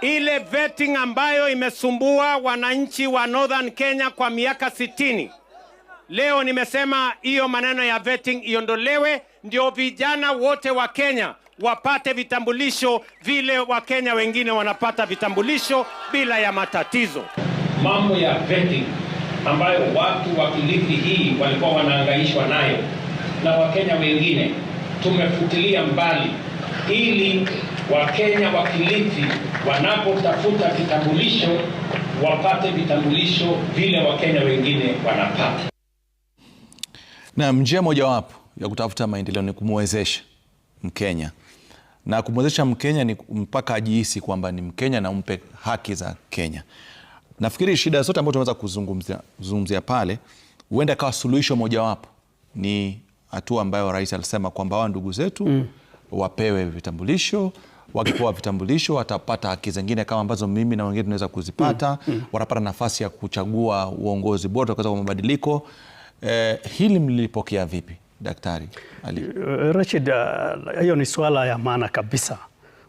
ile vetting ambayo imesumbua wananchi wa Northern Kenya kwa miaka sitini. Leo nimesema hiyo maneno ya vetting iondolewe, ndio vijana wote wa Kenya wapate vitambulisho vile Wakenya wengine wanapata vitambulisho bila ya matatizo. Mambo ya vetting ambayo watu wa Kilifi hii walikuwa wanaangaishwa nayo na Wakenya wengine tumefutilia mbali ili Wakenya wa Kilifi wanapotafuta vitambulisho wapate vitambulisho vile Wakenya wengine wanapata. Naam, njia mojawapo ya kutafuta maendeleo ni kumwezesha Mkenya na kumwezesha Mkenya ni mpaka ajihisi kwamba ni Mkenya na umpe haki za Kenya. Nafikiri shida zote ambazo tunaweza kuzungumzia pale, huenda kawa suluhisho mojawapo ni hatua ambayo rais alisema kwamba hawa ndugu zetu mm, wapewe vitambulisho wakipewa vitambulisho watapata haki zingine kama ambazo mimi na wengine tunaweza kuzipata mm. mm. Watapata nafasi ya kuchagua uongozi bora utakaza kwa mabadiliko. Eh, hili mlipokea vipi Daktari Ali? Eh, Rashid, eh, hiyo ni swala ya maana kabisa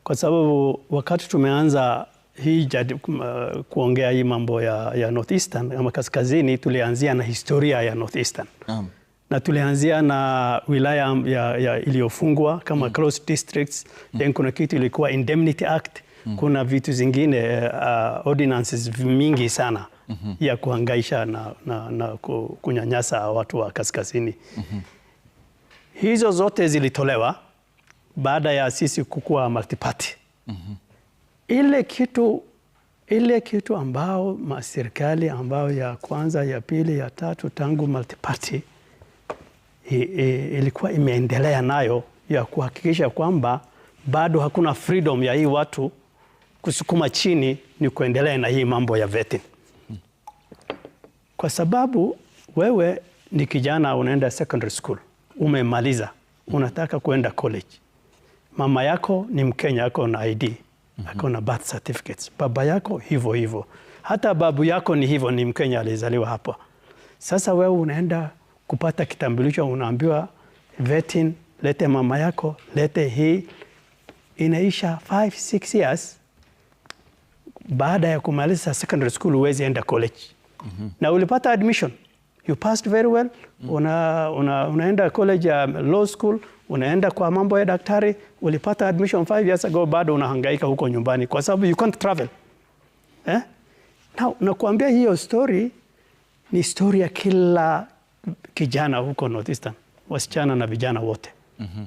kwa sababu wakati tumeanza hii jadi, uh, kuongea hii mambo ya, ya Northeastern ama kaskazini tulianzia na historia ya Northeastern. Naam na tulianzia na wilaya ya, ya iliyofungwa kama mm. closed districts mm. then kuna kitu ilikuwa indemnity act mm. kuna vitu zingine uh, ordinances mingi sana mm -hmm. ya kuhangaisha na, na, na kunyanyasa watu wa kaskazini mm -hmm. Hizo zote zilitolewa baada ya sisi kukuwa multiparty mm -hmm. ile kitu ile kitu ambao maserikali ambayo ya kwanza ya pili ya tatu tangu multiparty e, e, ilikuwa imeendelea nayo ya kuhakikisha kwamba bado hakuna freedom ya hii watu kusukuma chini ni kuendelea na hii mambo ya vetting, kwa sababu wewe ni kijana unaenda secondary school umemaliza, unataka kuenda college. Mama yako ni Mkenya, ako na ID, mhm. ako na birth certificates, baba yako hivyo hivyo, hata babu yako ni hivyo, ni Mkenya, alizaliwa hapa. Sasa wewe unaenda kupata kitambulisho, unaambiwa vetting, lete mama yako, lete hii. Inaisha 5 6 years. Baada ya kumaliza secondary school huwezi enda college. mm -hmm. Na ulipata admission, you passed very well. mm -hmm. Una, una, unaenda college ya uh, law school unaenda kwa mambo ya daktari, ulipata admission 5 years ago, bado unahangaika huko nyumbani kwa sababu you can't travel eh? Now nakuambia hiyo story ni story ya kila kijana huko Northeastern, wasichana na vijana wote. mm -hmm.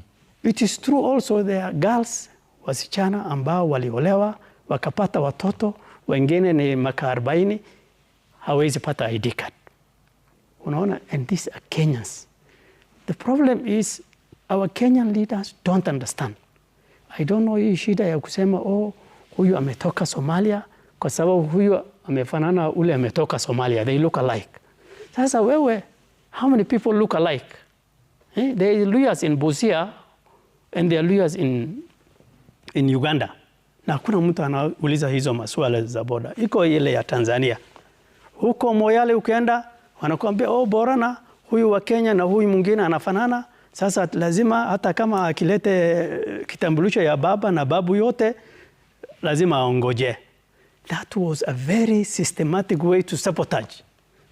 It is true also there are girls, wasichana ambao waliolewa wakapata watoto wengine ni maka 40 hawezi pata ID card. Unaona, and these are Kenyans. The problem is our Kenyan leaders don't understand. I don't know hii shida ya kusema oh, huyu ametoka Somalia kwa sababu huyu amefanana ule ametoka Somalia, they look alike. Sasa wewe How many people look alike? Eh? There are lawyers in Busia and there are lawyers in, in Uganda, na hakuna mtu anauliza hizo masuala za boda. Iko ile ya Tanzania huko Moyale, ukienda wanakuambia oh, Borana huyu wa Kenya na huyu mwingine anafanana. Sasa lazima hata kama akilete eh, kitambulisho ya baba na babu yote lazima aongoje. That was a very systematic way to sabotage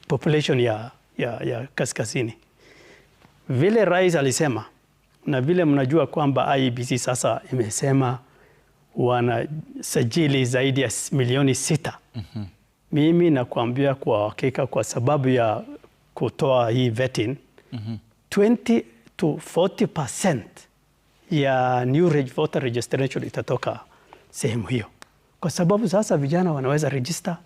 population ya ya, ya kaskazini. Vile rais alisema na vile mnajua kwamba IEBC sasa imesema wanasajili zaidi ya milioni sita. mm -hmm. Mimi nakwambia kwa hakika kwa sababu ya kutoa hii vetting mm -hmm. 20 to 40% ya new voter registration itatoka sehemu hiyo, kwa sababu sasa vijana wanaweza register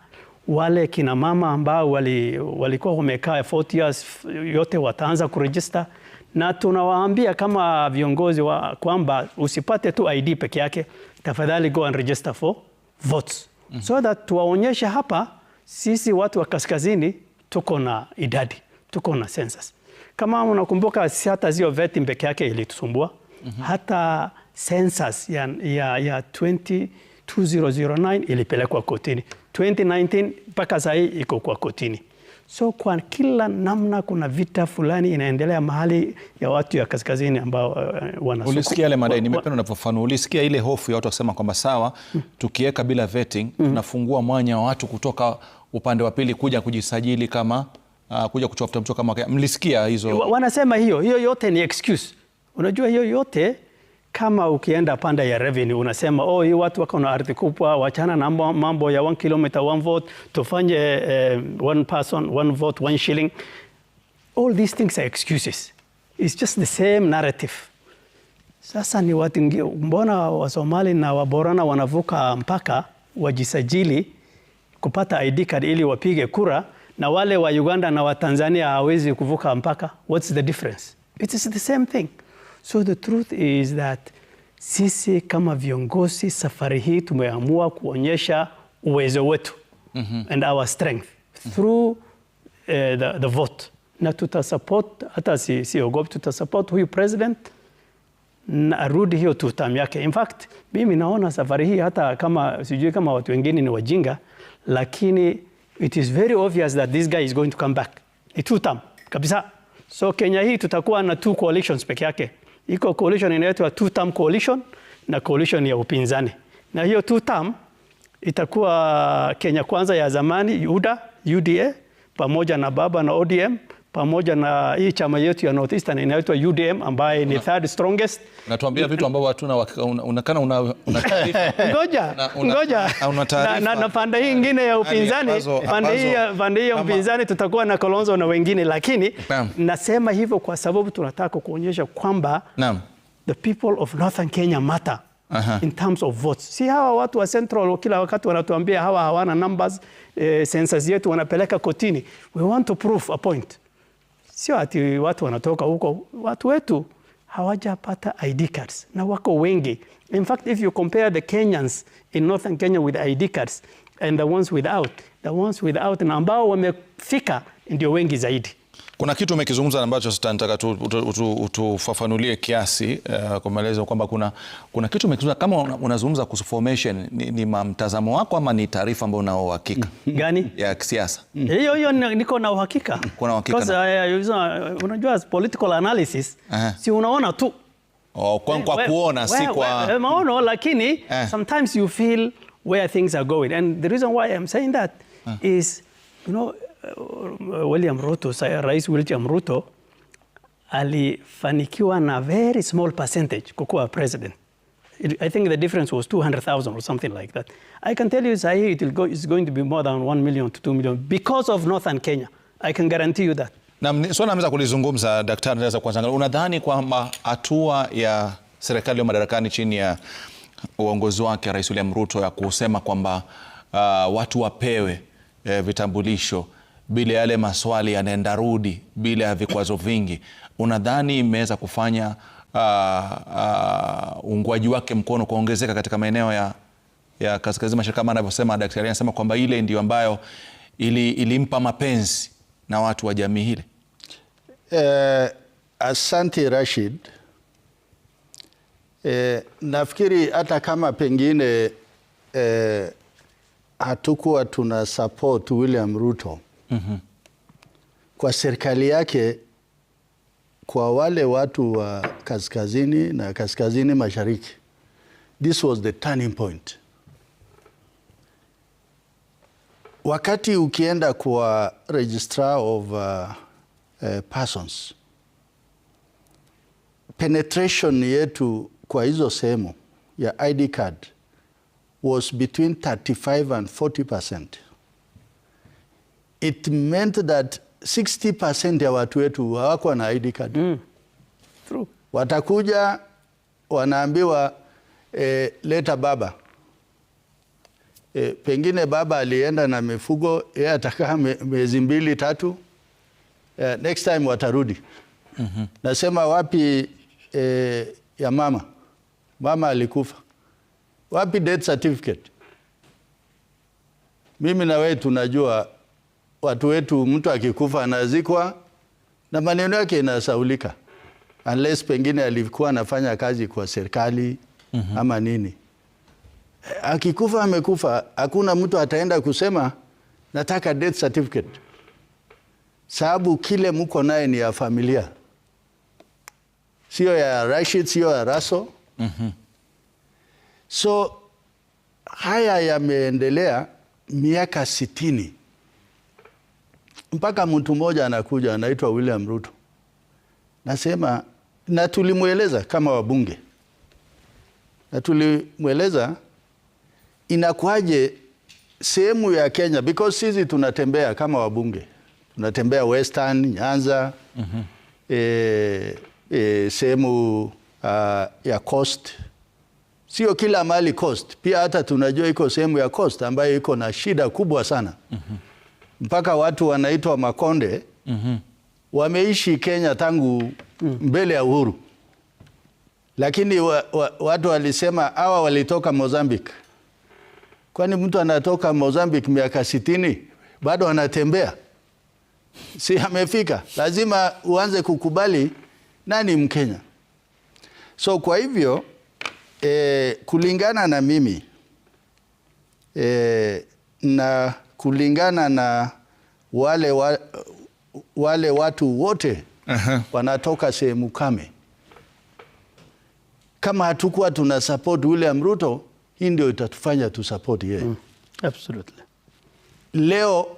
wale kina mama ambao walikuwa wali wamekaa 40 years yote wataanza kurejista, na tunawaambia kama viongozi wa kwamba usipate tu ID peke yake, tafadhali go and register for votes mm -hmm. so that tuwaonyeshe hapa sisi watu wa kaskazini tuko na idadi, tuko na census. Kama unakumbuka, si hata zio veti peke yake ilitusumbua mm -hmm. hata census ya, ya, ya 2009 ilipelekwa kotini 2019 mpaka sasa hii iko kwa kotini. So kwa kila namna kuna vita fulani inaendelea mahali ya watu ya kaskazini ambao uh, wana ulisikia yale madai, nimependa unavyofanua. Ulisikia ile hofu ya watu wakisema kwamba sawa, mm. tukiweka bila vetting mm. tunafungua mwanya wa watu kutoka upande wa pili kuja kujisajili kama uh, kuja kuchota mtu kama mlisikia hizo? Wanasema hiyo hiyo yote ni excuse. Unajua hiyo yote kama ukienda panda ya revenue unasema oh, hii watu wako na ardhi kubwa, wachana na mambo ya one kilometer one vote, tufanye eh, one person one vote one shilling. All these things are excuses, it's just the same narrative. Sasa ni watu, mbona wa Somali na wa Borana wanavuka mpaka wajisajili kupata ID card ili wapige kura, na wale wa Uganda na wa Tanzania hawezi kuvuka mpaka? What's the difference? It is the same thing. So the truth is that sisi kama viongozi safari hii tumeamua kuonyesha uwezo wetu mm -hmm. and our strength through uh, the, the vote na tutasupport hata si, si ogopi, tutasupport huyu president na arudi hiyo tutam yake. In fact mimi naona safari hii hata kama sijui kama watu wengine ni wajinga, lakini it is very obvious that this guy is going to come back ni two kabisa. So Kenya hii tutakuwa na two coalitions peke yake iko coalition inaitwa two term coalition na coalition ya upinzani, na hiyo two term itakuwa Kenya Kwanza ya zamani UDA, UDA pamoja na Baba na ODM pamoja na hii chama yetu ya Northeastern inaitwa UDM ambaye ni third strongest. Natuambia vitu ambavyo watu na unakana una ngoja ngoja na pande hii nyingine ya yaani, upinzani, yaani, yaani, pande hii ya upinzani tutakuwa na Kalonzo na wengine, lakini nasema hivyo kwa sababu tunataka kuonyesha kwamba Naam. the people of Northern Kenya matter. In terms of votes. Si hawa watu wa Central kila wakati wanatuambia hawa hawana numbers, eh, census yetu wanapeleka kotini. We want to prove a point sio ati watu wanatoka huko, watu wetu hawajapata ID cards na wako wengi. In fact, if you compare the Kenyans in northern Kenya with ID cards and the ones without, the ones without na ambao wamefika ndio wengi zaidi. Kuna kitu umekizungumza ambacho nataka tufafanulie kiasi uh, kwa maelezo kwamba kuna, kuna kitu umekizungumza kama unazungumza kuhusu formation ni, ni mtazamo wako ama ni taarifa ambayo una uhakika gani ya kisiasa? Mm. Hiyo hiyo niko na uhakika. Kuna uhakika. kwa sababu uh, Unajua political analysis uh-huh. si unaona tu Oh, kwa, kwa kuona we, si kwa we, we, eh, maono lakini uh-huh. sometimes you feel where things are going and the reason why I'm saying that uh-huh. is you know Uh, William Ruto, Rais William Ruto alifanikiwa na very small percentage kukuwa president. It, I think the difference was 200,000 or something like that. I can tell you sahi it will go, it's going to be more than 1 million to 2 million because of Northern Kenya. I can guarantee you that. Na swala ameweza kulizungumza daktari, naweza kwanza angalau unadhani kwamba hatua ya serikali ya madarakani chini ya uongozi wake Rais William Ruto ya kusema kwamba uh, watu wapewe eh, vitambulisho bila yale maswali yanaenda rudi, bila ya vikwazo vingi, unadhani imeweza kufanya uungwaji uh, uh, wake mkono kuongezeka katika maeneo ya, ya kaskazini mashariki kama anavyosema daktari? Anasema kwamba ile ndio ambayo ili, ilimpa mapenzi na watu wa jamii hile. Eh, asante Rashid. Eh, nafikiri hata kama pengine eh, hatukuwa tuna support William Ruto mm -hmm. kwa serikali yake kwa wale watu wa kaskazini na kaskazini mashariki. This was the turning point. Wakati ukienda kwa registra of uh, uh, persons, penetration yetu kwa hizo sehemu ya ID card was between 35 and 40 percent it meant that 60% ya watu wetu hawako na ID card. Mm. True. Watakuja wanaambiwa eh, leta baba eh, pengine baba alienda na mifugo yeye atakaa miezi me, mbili tatu eh, next time watarudi. mm -hmm. Nasema wapi eh, ya mama mama alikufa wapi death certificate? Mimi na wewe tunajua watu wetu, mtu akikufa anazikwa na maneno yake inasaulika, unless pengine alikuwa anafanya kazi kwa serikali mm -hmm. ama nini. Akikufa amekufa, hakuna mtu ataenda kusema nataka death certificate, sababu kile mko naye ni ya familia, sio ya Rashid, sio ya Raso mm -hmm. so haya yameendelea miaka sitini mpaka mtu mmoja anakuja anaitwa William Ruto, nasema na tulimweleza kama wabunge, na tulimweleza inakuaje sehemu ya Kenya, because sisi tunatembea kama wabunge, tunatembea Western, Nyanza, mm -hmm. E, e, sehemu uh, ya coast, sio kila mahali coast. Pia hata tunajua iko sehemu ya coast ambayo iko na shida kubwa sana mm -hmm mpaka watu wanaitwa Makonde mm -hmm. wameishi Kenya tangu mbele ya uhuru, lakini wa, wa, watu walisema hawa walitoka Mozambique. Kwani mtu anatoka Mozambique miaka sitini bado anatembea? Si amefika? Lazima uanze kukubali nani Mkenya. So kwa hivyo eh, kulingana na mimi eh, na kulingana na wale, wa, wale watu wote -huh. wanatoka sehemu kame. Kama hatukuwa tuna support William Ruto, hii ndio itatufanya tu support yeye. Mm. Absolutely. Leo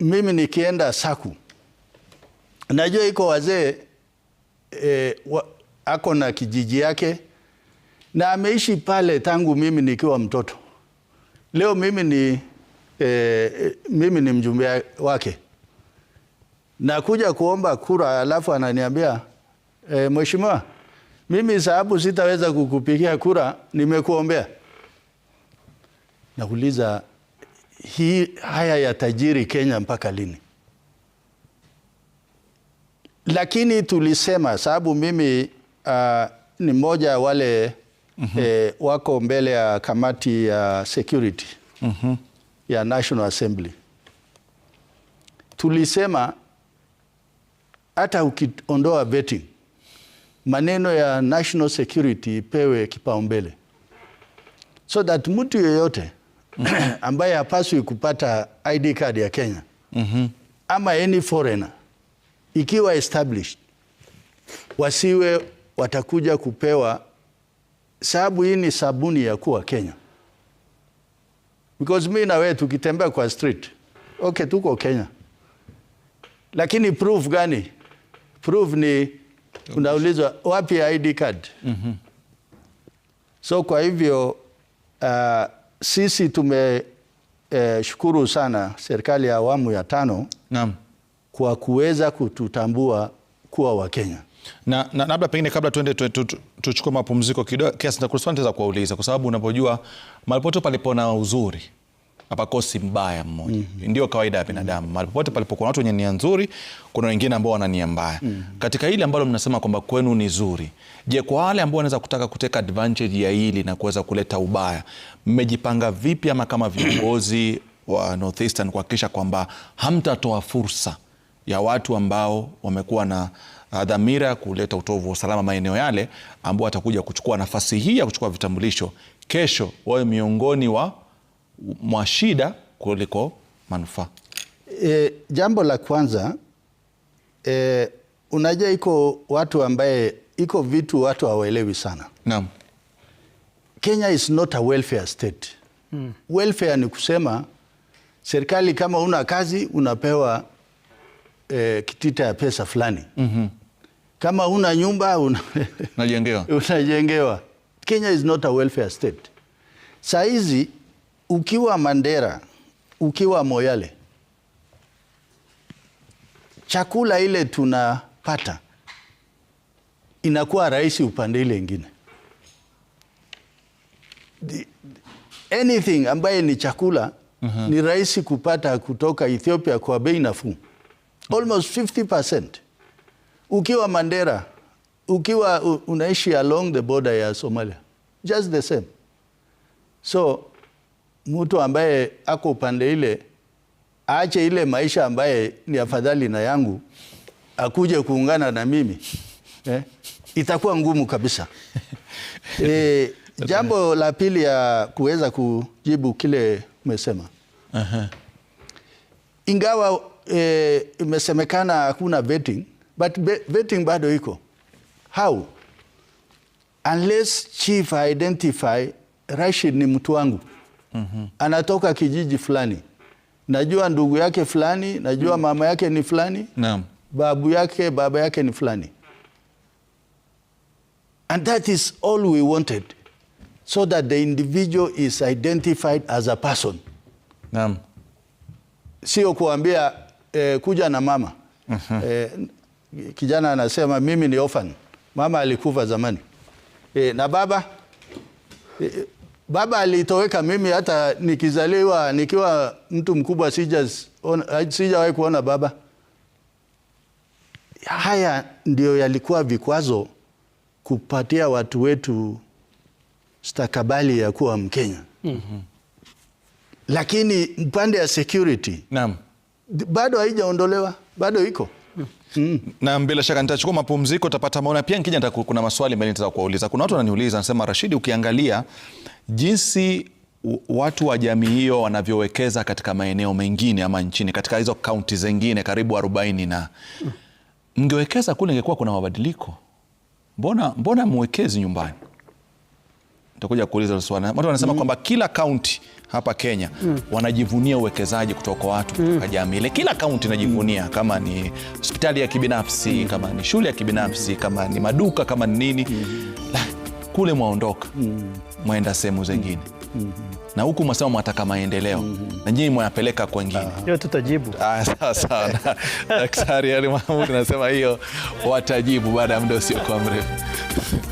mimi nikienda Saku najua iko wazee e, wa, ako na kijiji yake na ameishi pale tangu mimi nikiwa mtoto. Leo mimi ni e, mimi ni mjumbe wake nakuja kuomba kura, alafu ananiambia e, mheshimiwa, mimi sababu sitaweza kukupigia kura, nimekuombea. Nakuuliza, hii haya ya tajiri Kenya mpaka lini? Lakini tulisema sababu mimi uh, ni mmoja wale mm -hmm. eh, wako mbele ya kamati ya security mm -hmm ya National Assembly tulisema hata ukiondoa vetting maneno ya national security ipewe kipaumbele so that mtu yeyote ambaye hapaswi kupata ID card ya Kenya mm -hmm. ama any foreigner ikiwa established wasiwe watakuja kupewa, sababu hii ni sabuni ya kuwa Kenya because mi na wewe tukitembea kwa street okay, tuko Kenya, lakini proof gani? Proof ni unaulizwa wapi ID card? mm -hmm. So kwa hivyo uh, sisi tumeshukuru eh, sana serikali ya awamu ya tano Naam. kwa kuweza kututambua kuwa Wakenya na labda pengine kabla tuende tuchukue mapumziko kidogo kiasi, na kuweza kuwauliza kwa sababu unapojua mahali popote palipo na uzuri hapakosi mbaya mmoja. mm -hmm. Ndio kawaida ya binadamu. Mhm. Mahali popote palipokuwa na watu wenye nia nzuri, kuna wengine ambao wana nia mbaya. mm -hmm. Katika hili ambalo mnasema kwamba kwenu ni zuri, je, kwa wale ambao wanaweza kutaka kuteka advantage ya hili na kuweza kuleta ubaya, mmejipanga vipi ama kama viongozi wa Northeastern kuhakikisha kwamba hamtatoa fursa ya watu ambao wamekuwa na Uh, dhamira ya kuleta utovu wa usalama maeneo yale, ambao watakuja kuchukua nafasi hii ya kuchukua vitambulisho kesho, wawe miongoni wa mwa shida kuliko manufaa. E, jambo la kwanza e, unajua iko watu ambaye iko vitu watu hawaelewi sana. Naam. Kenya is not a welfare state. Hmm. Welfare ni kusema serikali kama una kazi unapewa e, kitita ya pesa fulani. Mm -hmm kama una nyumba una... unajengewa. unajengewa. Kenya is not a welfare state. Saa hizi ukiwa Mandera, ukiwa Moyale, chakula ile tunapata inakuwa rahisi upande ile ingine. The, anything ambaye ni chakula uh mhm. -huh. ni rahisi kupata kutoka Ethiopia kwa bei nafuu mm. almost 50% ukiwa Mandera, ukiwa unaishi along the border ya Somalia, just the same. So mtu ambaye ako upande ile aache ile maisha ambaye ni afadhali na yangu akuje kuungana na mimi eh, itakuwa ngumu kabisa. E, jambo la pili ya kuweza kujibu kile umesema uh -huh. Ingawa e, imesemekana hakuna vetting but vetting bado iko. How? Unless chief identify Rashid ni mtu wangu mm -hmm. anatoka kijiji fulani, najua ndugu yake fulani, najua mm. mama yake ni fulani Naam. babu yake baba yake ni fulani and that is all we wanted so that the individual is identified as a person. Naam. Sio kuambia eh, kuja na mama mm -hmm. eh, kijana anasema mimi ni orphan, mama alikufa zamani e, na baba e, baba alitoweka. Mimi hata nikizaliwa nikiwa mtu mkubwa sijawahi kuona baba. Haya ndio yalikuwa vikwazo kupatia watu wetu stakabali ya kuwa Mkenya. mm -hmm. Lakini upande ya security naam, bado haijaondolewa, bado iko na bila shaka nitachukua mapumziko, utapata maona pia. Nikija kuna maswali mbali nitaweza kuwauliza. Kuna watu wananiuliza, nasema Rashidi, ukiangalia jinsi watu wa jamii hiyo wanavyowekeza katika maeneo mengine ama nchini katika hizo kaunti zingine karibu arobaini na mngewekeza kule ingekuwa kuna mabadiliko. Mbona mbona mwekezi nyumbani? Nitakuja kuuliza swali. Watu wanasema mm. kwamba kila kaunti hapa Kenya mm. wanajivunia uwekezaji kutoka kwa watu mm. kutoka jamii ile. Kila kaunti inajivunia mm. kama ni hospitali ya kibinafsi mm. kama ni shule ya kibinafsi kama ni maduka kama ni nini mm. la, kule mwaondoka mm. mwaenda sehemu zengine mm -hmm. na huku mwasema mwataka maendeleo mm -hmm. na nyinyi mwayapeleka kwengine. Ah. Hiyo tutajibu ah, sawa sawa. Daktari Ali Mahmud anasema hiyo watajibu baada ya muda usiokuwa mrefu.